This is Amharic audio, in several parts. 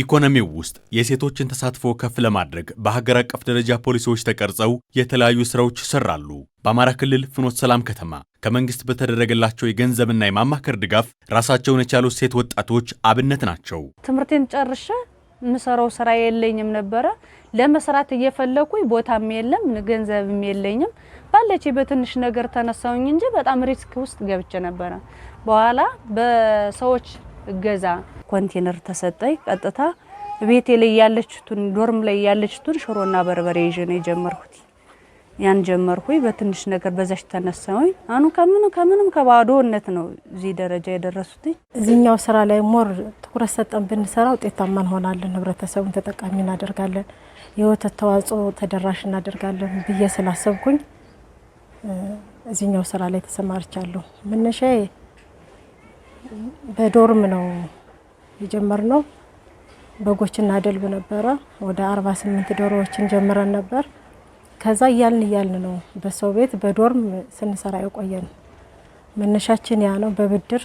ኢኮኖሚው ውስጥ የሴቶችን ተሳትፎ ከፍ ለማድረግ በሀገር አቀፍ ደረጃ ፖሊሲዎች ተቀርጸው የተለያዩ ስራዎች ይሰራሉ። በአማራ ክልል ፍኖት ሰላም ከተማ ከመንግስት በተደረገላቸው የገንዘብና የማማከር ድጋፍ ራሳቸውን የቻሉት ሴት ወጣቶች አብነት ናቸው። ትምህርቴን ጨርሼ የምሰራው ስራ የለኝም ነበረ። ለመስራት እየፈለኩኝ ቦታም የለም ገንዘብም የለኝም። ባለች በትንሽ ነገር ተነሳውኝ እንጂ በጣም ሪስክ ውስጥ ገብቼ ነበረ። በኋላ በሰዎች እገዛ ኮንቴነር ተሰጠኝ። ቀጥታ ቤቴ ላይ ያለችቱን ዶርም ላይ ያለችቱን ሽሮና በርበሬ ይዤ ነው የጀመርኩት። ያን ጀመርኩኝ በትንሽ ነገር በዛች ተነሳሁኝ። አኑ ከምን ከምንም ከባዶነት ነው እዚህ ደረጃ የደረሱት። እዚህኛው ስራ ላይ ሞር ትኩረት ሰጠን ብንሰራ ውጤታማ እንሆናለን፣ ህብረተሰቡን ተጠቃሚ እናደርጋለን፣ የወተት ተዋጽኦ ተደራሽ እናደርጋለን ብዬ ስላሰብኩኝ እዚኛው ስራ ላይ ተሰማርቻለሁ። መነሻዬ በዶርም ነው የጀመርነው። በጎችና ደልብ ነበረ። ወደ አርባ ስምንት ዶሮዎችን ጀምረን ነበር። ከዛ እያልን እያልን ነው በሰው ቤት በዶርም ስንሰራ የቆየን መነሻችን ያ ነው። በብድር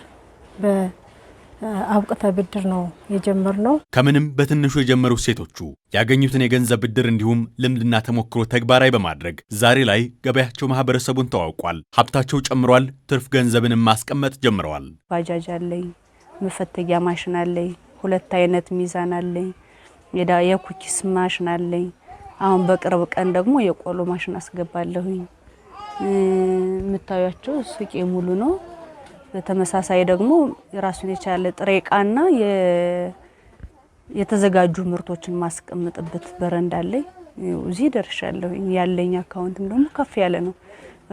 አውቅተ ብድር ነው የጀመርነው። ከምንም በትንሹ የጀመሩት ሴቶቹ ያገኙትን የገንዘብ ብድር እንዲሁም ልምድና ተሞክሮ ተግባራዊ በማድረግ ዛሬ ላይ ገበያቸው ማህበረሰቡን ተዋውቋል፣ ሀብታቸው ጨምሯል፣ ትርፍ ገንዘብንም ማስቀመጥ ጀምረዋል። ባጃጅ አለኝ፣ መፈተጊያ ማሽን አለኝ፣ ሁለት አይነት ሚዛን አለኝ፣ የኩኪስ ማሽን አለኝ። አሁን በቅርብ ቀን ደግሞ የቆሎ ማሽን አስገባለሁኝ። የምታዩቸው ሱቄ ሙሉ ነው። በተመሳሳይ ደግሞ የራሱን የቻለ ጥሬ እቃና የተዘጋጁ ምርቶችን ማስቀምጥበት በረንዳ ላይ እዚህ ደርሻለሁ። ያለኝ አካውንትም ደግሞ ከፍ ያለ ነው።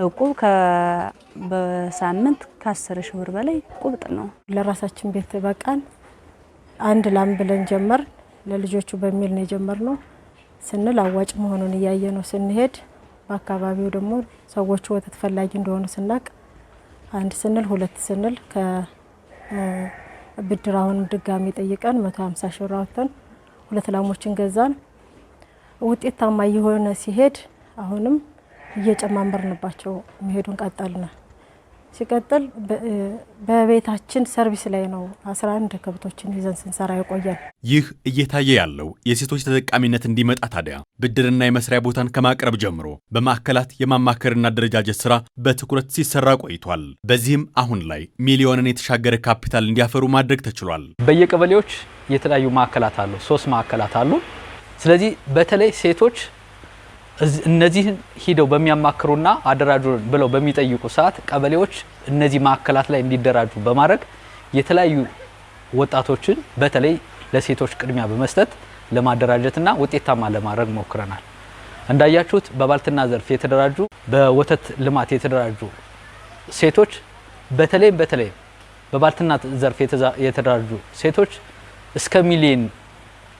እቁብ በሳምንት ከአስር ሺህ ብር በላይ ቁብጥ ነው። ለራሳችን ቤት በቃን። አንድ ላም ብለን ጀመር ለልጆቹ በሚል ነው ነው ስንል አዋጭ መሆኑን እያየ ነው ስንሄድ፣ በአካባቢው ደግሞ ሰዎቹ ወተት ፈላጊ እንደሆኑ ስናቅ አንድ ስንል ሁለት ስንል ከብድር አሁን ድጋሚ ጠይቀን መቶ ሀምሳ ሺህ ብር አውጥተን ሁለት ላሞችን ገዛን። ውጤታማ እየሆነ ሲሄድ አሁንም እየጨማመርንባቸው መሄዱን ቀጠልናል። ሲቀጥል በቤታችን ሰርቪስ ላይ ነው 11 ከብቶችን ይዘን ስንሰራ ይቆያል። ይህ እየታየ ያለው የሴቶች ተጠቃሚነት እንዲመጣ ታዲያ ብድርና የመስሪያ ቦታን ከማቅረብ ጀምሮ በማዕከላት የማማከርና አደረጃጀት ስራ በትኩረት ሲሰራ ቆይቷል። በዚህም አሁን ላይ ሚሊዮንን የተሻገረ ካፒታል እንዲያፈሩ ማድረግ ተችሏል። በየቀበሌዎች የተለያዩ ማዕከላት አሉ፣ ሶስት ማዕከላት አሉ። ስለዚህ በተለይ ሴቶች እነዚህን ሂደው በሚያማክሩና አደራጁ ብለው በሚጠይቁ ሰዓት ቀበሌዎች እነዚህ ማዕከላት ላይ እንዲደራጁ በማድረግ የተለያዩ ወጣቶችን በተለይ ለሴቶች ቅድሚያ በመስጠት ለማደራጀትና ውጤታማ ለማድረግ ሞክረናል። እንዳያችሁት በባልትና ዘርፍ የተደራጁ በወተት ልማት የተደራጁ ሴቶች በተለይም በተለይም በባልትና ዘርፍ የተደራጁ ሴቶች እስከ ሚሊየን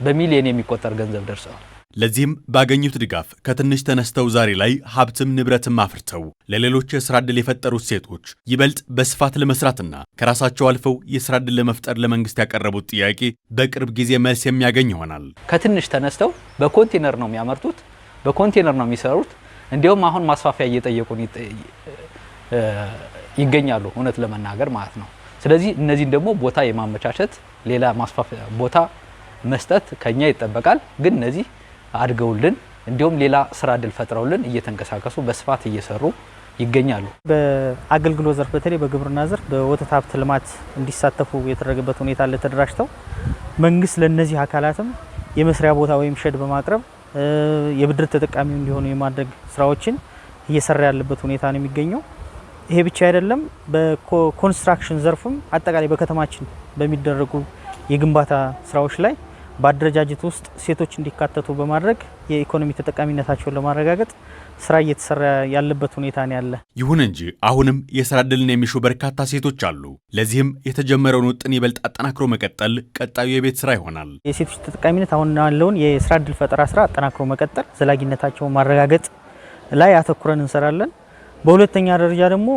በሚሊየን የሚቆጠር ገንዘብ ደርሰዋል። ለዚህም ባገኙት ድጋፍ ከትንሽ ተነስተው ዛሬ ላይ ሀብትም ንብረትም አፍርተው ለሌሎች የስራ ዕድል የፈጠሩት ሴቶች ይበልጥ በስፋት ለመስራትና ከራሳቸው አልፈው የስራ ዕድል ለመፍጠር ለመንግስት ያቀረቡት ጥያቄ በቅርብ ጊዜ መልስ የሚያገኝ ይሆናል። ከትንሽ ተነስተው በኮንቴነር ነው የሚያመርቱት፣ በኮንቴነር ነው የሚሰሩት። እንዲሁም አሁን ማስፋፊያ እየጠየቁን ይገኛሉ፣ እውነት ለመናገር ማለት ነው። ስለዚህ እነዚህን ደግሞ ቦታ የማመቻቸት ሌላ ማስፋፊያ ቦታ መስጠት ከኛ ይጠበቃል። ግን እነዚህ አድገውልን እንዲሁም ሌላ ስራ እድል ፈጥረውልን እየተንቀሳቀሱ በስፋት እየሰሩ ይገኛሉ። በአገልግሎት ዘርፍ በተለይ በግብርና ዘርፍ በወተት ሀብት ልማት እንዲሳተፉ የተደረገበት ሁኔታ አለ። ተደራጅተው መንግስት ለእነዚህ አካላትም የመስሪያ ቦታ ወይም ሸድ በማቅረብ የብድር ተጠቃሚ እንዲሆኑ የማድረግ ስራዎችን እየሰራ ያለበት ሁኔታ ነው የሚገኘው። ይሄ ብቻ አይደለም። በኮንስትራክሽን ዘርፍም አጠቃላይ በከተማችን በሚደረጉ የግንባታ ስራዎች ላይ በአደረጃጀት ውስጥ ሴቶች እንዲካተቱ በማድረግ የኢኮኖሚ ተጠቃሚነታቸውን ለማረጋገጥ ስራ እየተሰራ ያለበት ሁኔታ ነው ያለ። ይሁን እንጂ አሁንም የስራ ዕድልን የሚሹ በርካታ ሴቶች አሉ። ለዚህም የተጀመረውን ውጥን ይበልጥ አጠናክሮ መቀጠል ቀጣዩ የቤት ስራ ይሆናል። የሴቶች ተጠቃሚነት አሁን ያለውን የስራ ድል ፈጠራ ስራ አጠናክሮ መቀጠል፣ ዘላቂነታቸውን ማረጋገጥ ላይ አተኩረን እንሰራለን። በሁለተኛ ደረጃ ደግሞ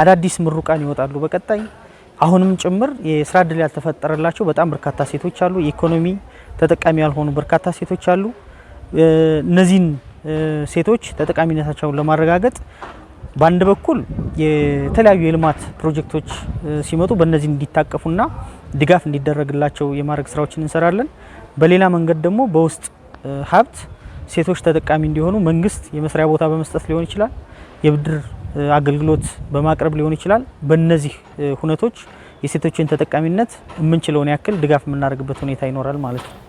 አዳዲስ ምሩቃን ይወጣሉ በቀጣይ አሁንም ጭምር የስራ እድል ያልተፈጠረላቸው በጣም በርካታ ሴቶች አሉ። የኢኮኖሚ ተጠቃሚ ያልሆኑ በርካታ ሴቶች አሉ። እነዚህን ሴቶች ተጠቃሚነታቸውን ለማረጋገጥ በአንድ በኩል የተለያዩ የልማት ፕሮጀክቶች ሲመጡ በእነዚህ እንዲታቀፉና ድጋፍ እንዲደረግላቸው የማድረግ ስራዎችን እንሰራለን። በሌላ መንገድ ደግሞ በውስጥ ሀብት ሴቶች ተጠቃሚ እንዲሆኑ መንግስት የመስሪያ ቦታ በመስጠት ሊሆን ይችላል፣ የብድር አገልግሎት በማቅረብ ሊሆን ይችላል። በእነዚህ ሁነቶች የሴቶችን ተጠቃሚነት የምንችለውን ያክል ድጋፍ የምናደርግበት ሁኔታ ይኖራል ማለት ነው።